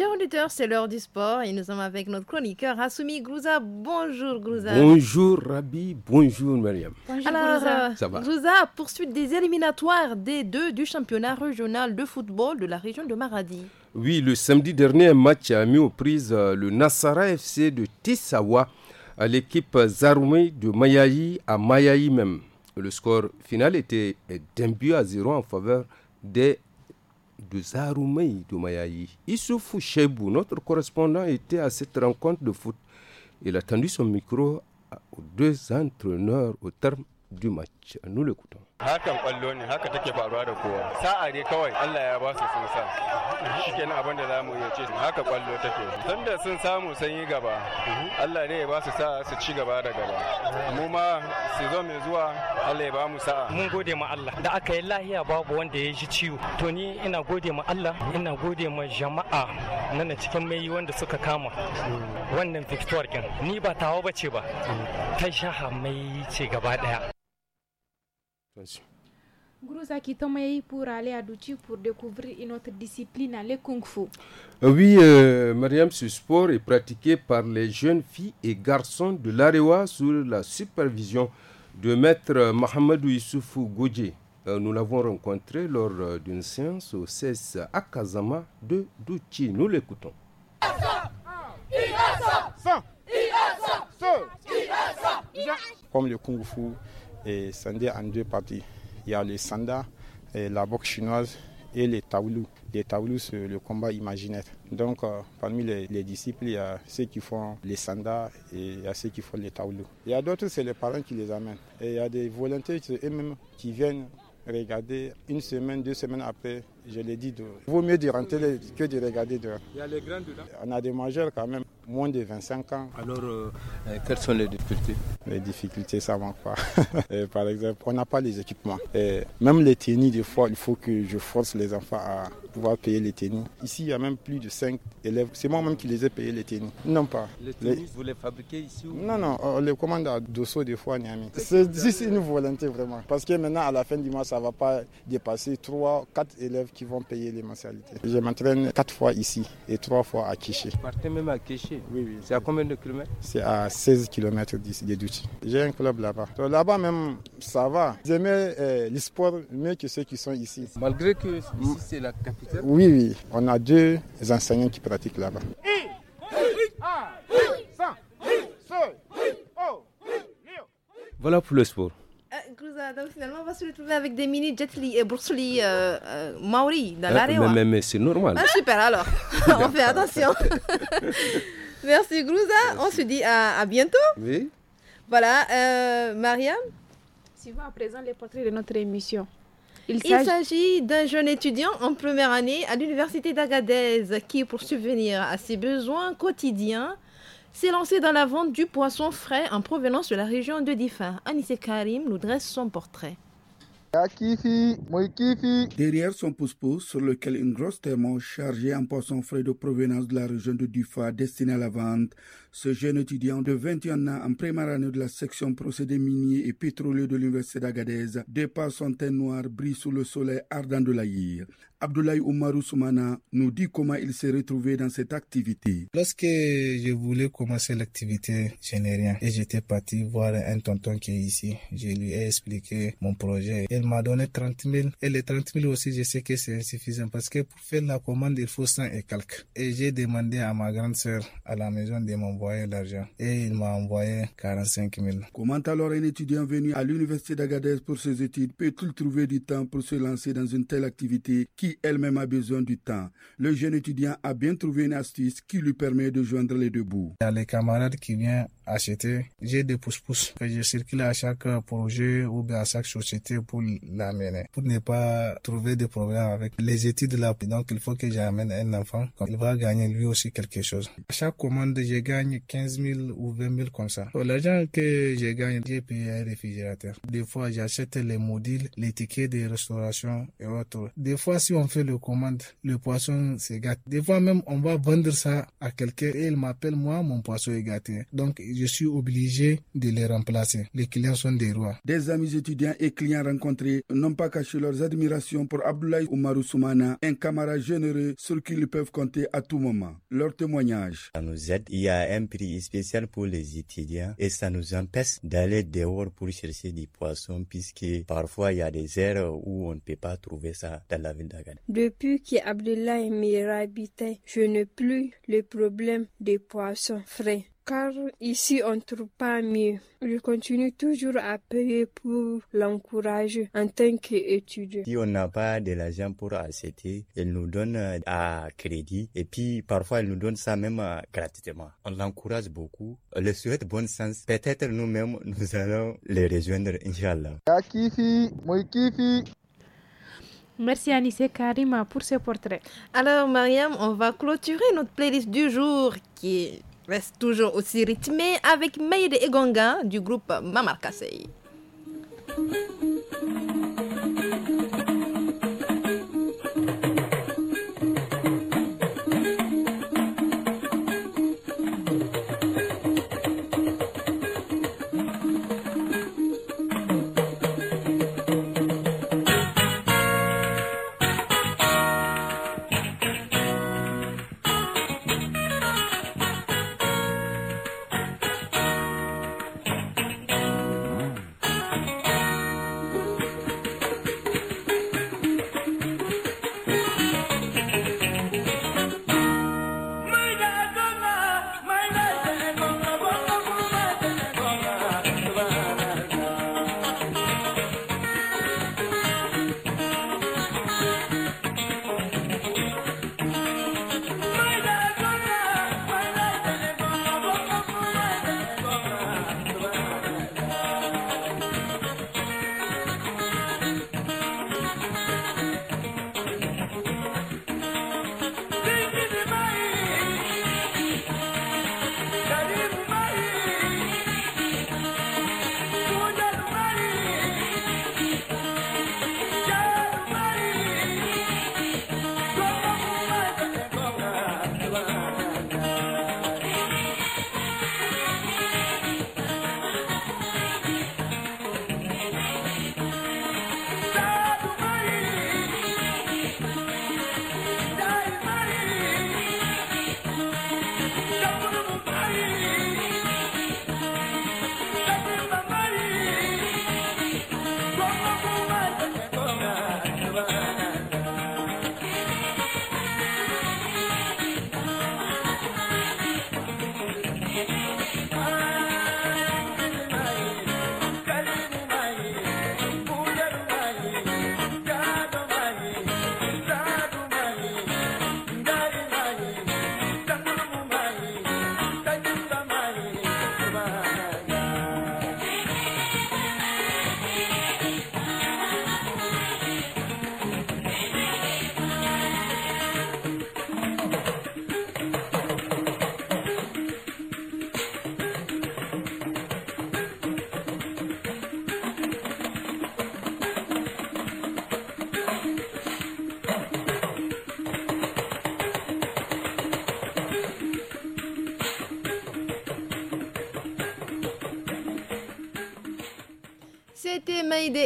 Chers auditeurs, c'est l'heure du sport et nous sommes avec notre chroniqueur Assoumi Grouza. Bonjour Grouza. Bonjour Rabi, bonjour Mariam. Bonjour Grouza. Euh, Grouza, poursuite des éliminatoires des deux du championnat régional de football de la région de Maradi. Oui, le samedi dernier, un match a mis aux prises euh, le Nassara FC de Tissawa à euh, l'équipe armée de Mayaï à Mayaï même. Le score final était d'un but à zéro en faveur des de Zaroumeï de Mayaï. Issoufou Cheibou, notre correspondant, était à cette rencontre de foot. Il a tendu son micro aux deux entraîneurs au terme du match. Nous l'écoutons. hakan kwallo ne haka take faruwa da kowa sa'a ne kawai Allah ya ba su sun sa shikenan abin da zamu iya ce haka kwallo take da sun samu sun yi gaba Allah ne ya ba su sa'a su ci gaba da gaba mu ma su zo mai zuwa Allah ya ba mu sa'a mun gode ma Allah da aka yi lahiya babu wanda ya ji ciwo to ni ina gode ma Allah ina gode ma jama'a nan cikin mai wanda suka kama wannan victor ni ba tawa bace ba ta shaha mai ce gaba daya Gourouza pour aller à Douchi pour découvrir une autre discipline, le Kung Fu. Euh, oui, euh, Mariam, ce sport est pratiqué par les jeunes filles et garçons de l'Arewa sous la supervision de maître Mohamedou Issoufou Godje. Euh, nous l'avons rencontré lors d'une séance au CES Akazama de Douchi. Nous l'écoutons. Comme le Kung Fu, et en deux parties. Il y a les sanda, la boxe chinoise et les taoulous. Les taoulous, c'est le combat imaginaire. Donc, euh, parmi les, disciples, il y a ceux qui font les sanda et il y a ceux qui font les taoulous. Il y a d'autres, c'est les parents qui les amènent. Et il y a des volontaires eux-mêmes qui viennent regarder une semaine, deux semaines après, je l'ai dit, il vaut mieux de rentrer que de regarder dehors. Il y a les grands dedans. On a des majeurs quand même moins de 25 ans. Alors, euh, euh, quelles sont les difficultés Les difficultés, ça manque pas. *laughs* par exemple, on n'a pas les équipements. même les tennis, des fois, il faut que je force les enfants à pouvoir payer les tennis. Ici, il y a même plus de 5 élèves. C'est moi-même qui les ai payés les tennis. Non pas. Les tennis, vous les fabriquez ici ou... Non, non, on euh, les commande à Dosso des fois, Niami. C'est une volonté vraiment. Parce que maintenant, à la fin du mois, ça ne va pas dépasser 3, 4 élèves qui vont payer les mensualités. Je m'entraîne 4 fois ici et 3 fois à Kiché. Vous partez même à Kiché Oui, oui. C'est à combien de kilomètres C'est à 16 kilomètres d'ici, des Douchi. J'ai un club là-bas. Euh, là-bas même, ça va. J'aime euh, l'espoir mieux que ceux qui sont ici. Malgré que ici, c'est la oui, oui. On a deux enseignants qui pratiquent là-bas. Voilà pour le sport. Euh, donc finalement, on va se retrouver avec des mini Jetli et Boursoli euh, euh, Maori dans ah, l'arrêt. Mais, mais, mais c'est normal. Ah, super alors. *laughs* on fait attention. *laughs* Merci Grouza. On se dit à, bientôt. Oui. Voilà, euh, Mariam. Suivons à présent les portraits de notre émission. Il s'agit d'un jeune étudiant en première année à l'université d'Agadez qui, pour subvenir à ses besoins quotidiens, s'est lancé dans la vente du poisson frais en provenance de la région de Difa. Anissé Karim nous dresse son portrait. Derrière son pouce-pouce, sur lequel une grosse thermos chargée en poisson frais de provenance de la région de Dufa destinée à la vente ce jeune étudiant de 21 ans en première année de la section procédés miniers et pétroliers de l'université d'Agadez dépasse son teint noir brille sous le soleil ardent de l'Aïr. Abdoulaye Oumarou Soumana nous dit comment il s'est retrouvé dans cette activité. Lorsque je voulais commencer l'activité, je n'ai rien et j'étais parti voir un tonton qui est ici. Je lui ai expliqué mon projet. Il m'a donné 30 000 et les 30 000 aussi, je sais que c'est insuffisant parce que pour faire la commande, il faut 100 et quelques. Et j'ai demandé à ma grande sœur à la maison de mon l'argent et il m'a envoyé 45 000. Comment alors un étudiant venu à l'université d'Agadez pour ses études peut-il trouver du temps pour se lancer dans une telle activité qui elle-même a besoin du temps Le jeune étudiant a bien trouvé une astuce qui lui permet de joindre les deux bouts. Il les camarades qui viennent acheter. J'ai des pouces-pouces que je circule à chaque projet ou bien à chaque société pour l'amener, pour ne pas trouver de problème avec les études là. Donc il faut que j'amène un enfant, il va gagner lui aussi quelque chose. À chaque commande, je gagne 15 000 ou 20 000 comme ça. Oh, l'argent que je gagne, j'ai payé un réfrigérateur. Des fois, j'achète les modules, les tickets de restauration et autres. Des fois, si on fait le commande, le poisson se gâte. Des fois même, on va vendre ça à quelqu'un et il m'appelle, moi, mon poisson est gâté. Donc, je suis obligé de les remplacer. Les clients sont des rois. Des amis étudiants et clients rencontrés n'ont pas caché leurs admirations pour Abdoulaye ou Soumana, un camarade généreux sur qui ils peuvent compter à tout moment. Leur témoignage. nous aide. Il y a un prix spécial pour les étudiants et ça nous empêche d'aller dehors pour chercher des poissons puisque parfois il y a des aires où on ne peut pas trouver ça dans la ville d'Agade. Depuis qu'Abdullah est habité, je n'ai plus le problème des poissons frais car ici on ne trouve pas mieux. Je continue toujours à payer pour l'encourager en tant qu'étudiant. Si on n'a pas de l'argent pour acheter, elle nous donne euh, à crédit et puis parfois elle nous donne ça même euh, gratuitement. On l'encourage beaucoup, on le souhaite bon sens. Peut-être nous-mêmes nous allons les rejoindre, Inch'Allah. Merci Anissé Karima pour ce portrait. Alors Mariam, on va clôturer notre playlist du jour qui est reste toujours aussi rythmé avec Maïde Egonga du groupe Mamarkasei.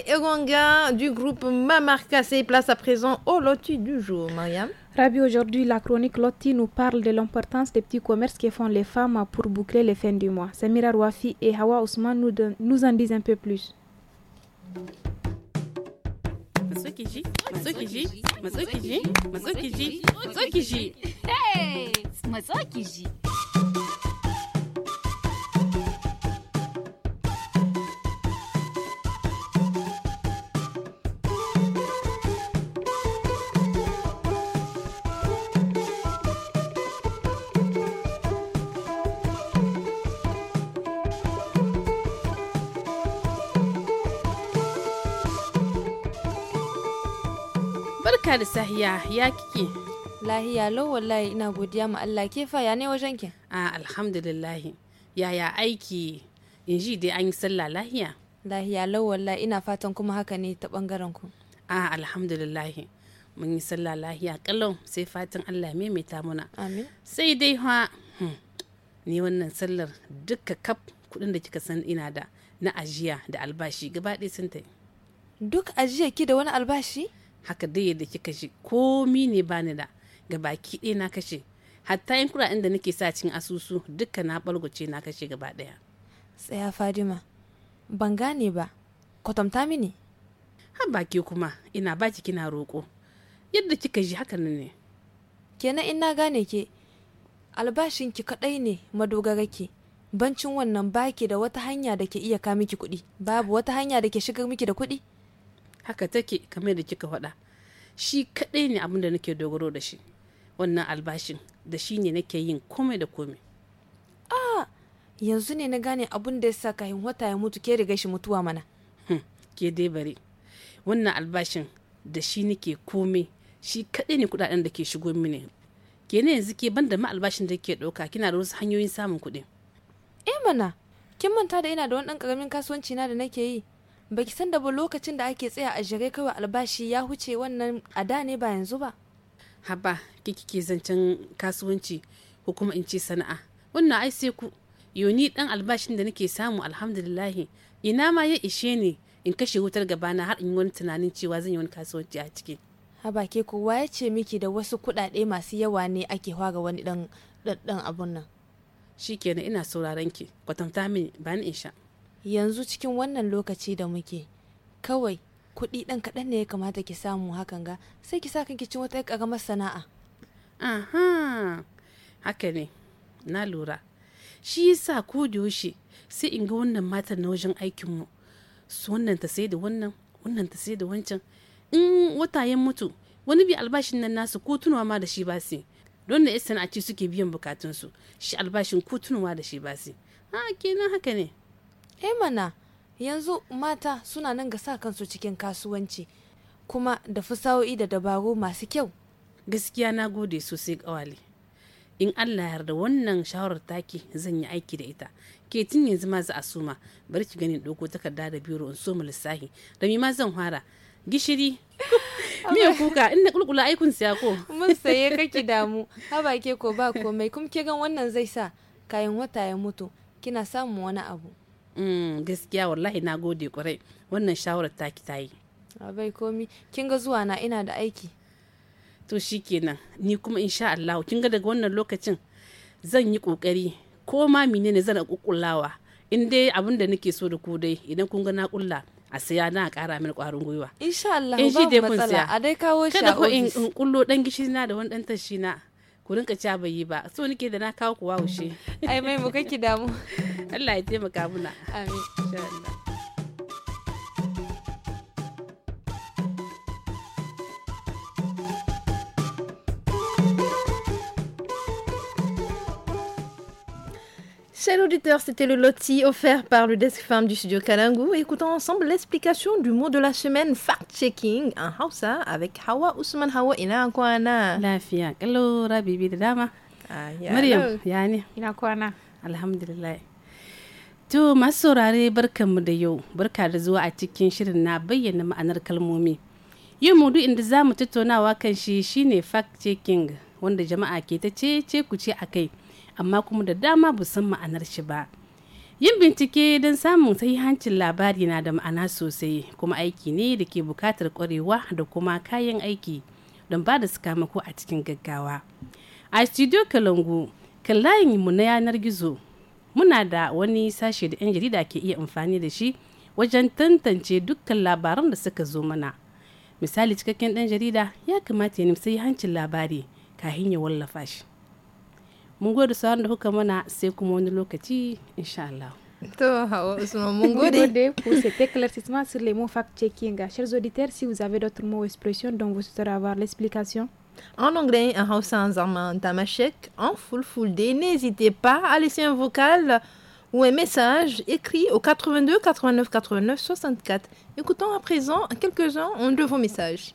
Ewanga du groupe C'est Place à présent au loti du jour, Mariam. Rabi, aujourd'hui, la chronique Loti nous parle de l'importance des petits commerces que font les femmes pour boucler les fins du mois. Samira Rouafi et Hawa Ousmane nous, nous en disent un peu plus. Hey barka da sahiya ya kike lahiya lau wallahi ina godiya ma Allah ke fa ya ne wajen ki a ya yaya aiki in ji dai an yi sallah lahiya lahiya lau wallahi ina fatan kuma haka ne ta bangaren ku a alhamdulillah mun yi sallah lahiya kallon sai fatan Allah maimaita muna amin sai dai ha hmm, ni wannan sallar duka kaf kudin da kika san ina da na ajiya da albashi gaba ɗaya sun tafi duk ajiya ki da wani albashi haka dai yadda kika ji komi ne bani da ga baki ɗaya na kashe hatta yin kuɗaɗen da nake sa cikin asusu duka na ɓalgwace na kashe gaba ɗaya. tsaya fadima ban gane ba kwatanta mini ha baki kuma ina baki kina roƙo yadda kika ji haka ne kenan in gane ke albashin ki kaɗai ne madogara ke bancin wannan baki da wata hanya da ke iya ka miki kuɗi babu wata hanya da ke shigar miki da kuɗi haka take kamar da kika faɗa shi kaɗai ne abin da nake dogaro da shi wannan albashin da shi ne nake yin komai da komai ah yanzu ne na gane abin da ya sa kayan wata ya mutu ke riga shi mutuwa mana hmm, ke dai bare wannan albashin da shi nake komai shi kaɗai ne kuɗaɗen da ke shigo mini ke ne yanzu ke banda ma albashin da ke ɗauka kina da wasu hanyoyin samun kuɗi eh mana kin manta da ina da wani ɗan ƙaramin kasuwanci na da nake yi baki san da ba lokacin da ake tsaya a jere kawai albashi ya huce wannan a da ne ba yanzu ba haba kike zancen kasuwanci ko kuma in ce sana'a wannan ai sai ku yoni dan albashin da nake samu alhamdulillahi ina ma ya ishe ni in kashe wutar gabana har in yi wani tunanin cewa zan yi wani kasuwanci a ciki haba ke kowa ya ce miki da wasu kuɗaɗe masu yawa ne ake hwaga wani dan dan abun nan shikenan ina sauraron ki kwatanta mini bani in sha yanzu cikin wannan lokaci da muke kawai kuɗi ɗan kaɗan ne ya kamata ki samu hakan ga sai ki sa kan ki cin wata ƙaramar sana'a aha haka ne na lura shi yasa ko da yaushe sai in ga wannan matar na wajen aikinmu su wannan ta sai da wannan wannan ta sai da wancan in wata ya mutu wani bi albashin nan nasu ko tunawa ma da shi ba su don da yasan sana'a ce suke biyan bukatunsu shi albashin ko tunawa da shi ba su ha ah, kenan haka ne hey eh, mana yanzu mata suna nan ga sa kansu cikin kasuwanci kuma da fasahohi da dabaru masu kyau gaskiya na gode sosai kawali in allah yarda wannan shawarar taki zan yi aiki da ita ke tun yanzu ma za a suma bari ki ganin ɗauko takarda da biro in so mu lissahi da ma zan fara gishiri *laughs* miya kuka inda kulkula aikun siya ko *laughs* mun saye kake damu haba ke ko ba komai kuma ke gan wannan zai sa kayan wata ya mutu kina samun wani abu Mm, gaskiya wallahi na gode kwarai wannan shawarar taki ta yi bai komi kin ga zuwa na ina da aiki to shikenan ni kuma insha Allah kin ga daga wannan lokacin zan yi kokari ko ma menene zan kukkullawa in dai abin da nake so da ku dai idan kun ga na kulla a siya na kara min kwarin gwiwa insha Allah ba matsala a dai kawo shi a kada ko in kullo dan gishi na da wani dan tashi na ku rinka ca bai yi ba so nake da na kawo ku wawushe ai mai mu kake damu *laughs* Allah ya taimaka muna amin insha Allah Chers auditeurs, c'était le loti offert par le desk femme du studio Kalangu. Écoutons ensemble l'explication du mot de la semaine fact-checking en Hausa avec Hawa Ousmane Hawa ina La Lafiya, ah, hello, rabibi de dama. maria, ya ne? Ina kwana. Alhamdulillah. To masu saurare barkanmu da yau, barka da zuwa a cikin shirin na bayyana ma'anar kalmomi. Yau za mu tattaunawa kan shi shine fact-checking wanda jama'a ke ta ce ce ku ce amma kuma da dama ba san ma'anar shi ba yin bincike don samun hancin labari na da ma'ana sosai kuma aiki ne da ke bukatar kwarewa da kuma kayan aiki don ba da sakamako a cikin gaggawa a studio kalangu kan layin mu na yanar gizo muna da wani sashe da 'yan jarida ke iya amfani da shi wajen tantance dukkan labaran da suka zo mana misali cikakken ɗan jarida ya kamata ya nemi hancin labari kahin ya wallafa shi mun gode sauran da kuka mana sai kuma wani lokaci insha Allah pour cet éclaircissement sur les mots fact-checking. Chers auditeurs, si vous avez d'autres mots ou expressions dont vous souhaitez avoir l'explication, en anglais, en hao en zaman en tamashek, en full full day, n'hésitez pas à laisser un vocal ou un message écrit au 82 89 89 64. Écoutons à présent quelques-uns de vos messages.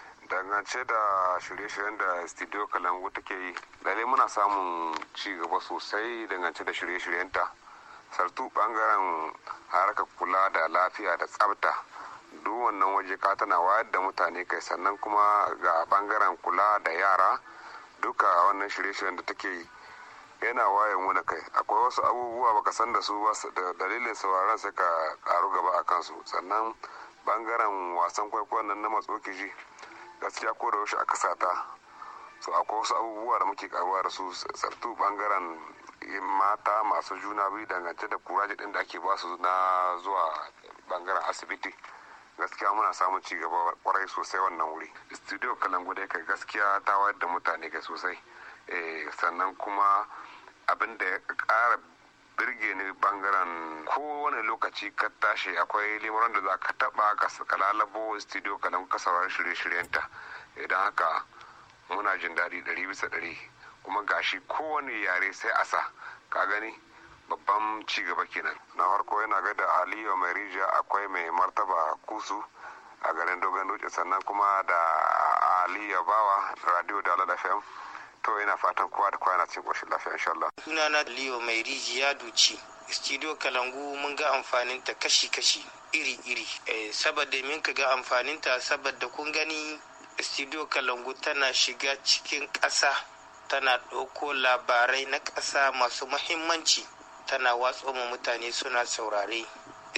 dangance da shirye-shiryen da studio kalangu take yi lalai muna samun ci gaba sosai dangance da shirye ta sartu bangaren harkar kula da lafiya da tsabta duk wannan waje ka tana wayar da mutane kai sannan kuma ga bangaren kula da yara duka wannan shirye-shiryen da take yi yana wayan wani kai akwai wasu abubuwa baka san da su ba da dalilin sauraron sai ka karu gaba a kansu sannan bangaren wasan kwaikwayon nan na matso ji gaskiya ko da yaushe aka sata so akwai wasu abubuwa da muke karuwa da su sartu bangaren mata masu juna biyu dangance da kuraje din da ake ba su na zuwa bangaren asibiti gaskiya muna samun ci gaba kwarai sosai wannan wuri studio kalangu dai kai gaskiya ta wayar da mutane ga sosai eh, sannan kuma abin da ya kara birge ni bangaren kowane lokaci ka tashi akwai limuran da za ka taba ka kalalabo studio ka nan ka shirye-shiryenta idan haka muna jin daɗi ɗari bisa ɗari kuma gashi kowane yare sai asa ka gani babban ci gaba kenan na farko yana ga da aliyu mai rija akwai mai martaba kusu a garin dogon dutse sannan kuma da aliyu bawa radio da fm to yana fatan kowa da kwana cikin ƙoshin lafiya insha Allah. Sunana Leo mai rijiya duci. Studio Kalangu mun ga amfanin ta kashi-kashi iri-iri. Eh, saboda min ka ga amfanin ta saboda kun gani Studio Kalangu tana shiga cikin ƙasa tana ɗauko labarai na ƙasa masu mahimmanci tana watsa mu mutane suna saurare.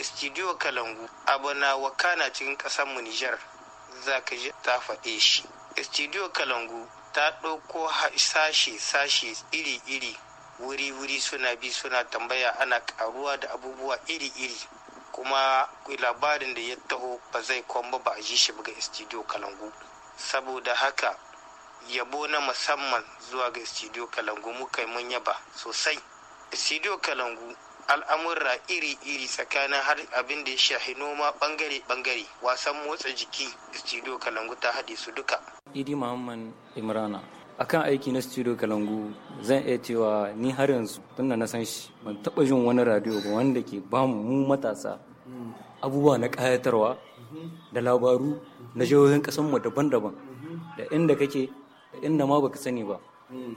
Studio Kalangu abu na wakana cikin ƙasar mu Nijar za ji ta faɗe shi. Studio Kalangu ta ɗauko sashi-sashi iri-iri wuri-wuri suna bi suna tambaya ana karuwa da abubuwa iri-iri kuma labarin da ya taho ba zai kwamba ba a ji shi ga studio kalangu saboda haka yabo na musamman zuwa ga studio kalangu muka yi mun yaba sosai studio kalangu al'amurra iri-iri tsakanin har abin da ya shahi noma bangare-bangare wasan motsa jiki studio kalangu ta haɗe su duka idi muhammad imrana akan aiki na studio kalangu zan iya cewa ni har yanzu tun da na san shi ban taɓa jin wani radio ba wanda ke ba mu matasa abubuwa na kayatarwa da labaru na jihohin mu daban-daban da inda kake da inda ma baka sani ba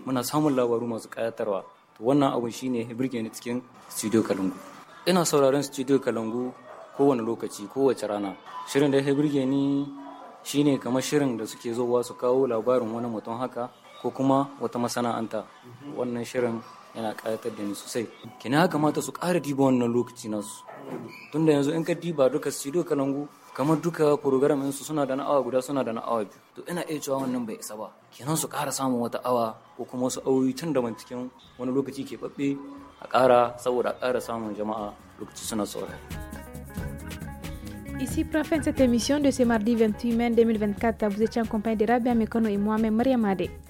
muna samun labaru masu kayatarwa to wannan abun shine birge ni cikin studio kalangu ina sauraron studio kalangu kowane lokaci kowace rana shirin da ya birge ni shine kamar shirin da suke zowa su kawo labarin wani mutum haka ko kuma wata masana'anta wannan shirin yana ƙayatar da ni sosai kina ya kamata su kara diba wannan lokaci nasu tunda yanzu in ka diba duka su duka kalangu kamar duka program su suna da na awa guda suna da na awa biyu to ina iya cewa wannan bai isa ba kenan su kara samun wata awa ko kuma wasu auri tun da cikin wani lokaci ke babbe a kara saboda a ƙara samun jama'a lokaci suna saurari Ici, pour fin de cette émission de ce mardi 28 mai 2024, vous étiez en compagnie de Rabia Mekono et moi-même, Maria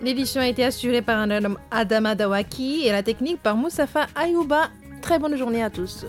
L'édition a été assurée par un homme Adama Dawaki et la technique par Moussafa Ayouba. Très bonne journée à tous.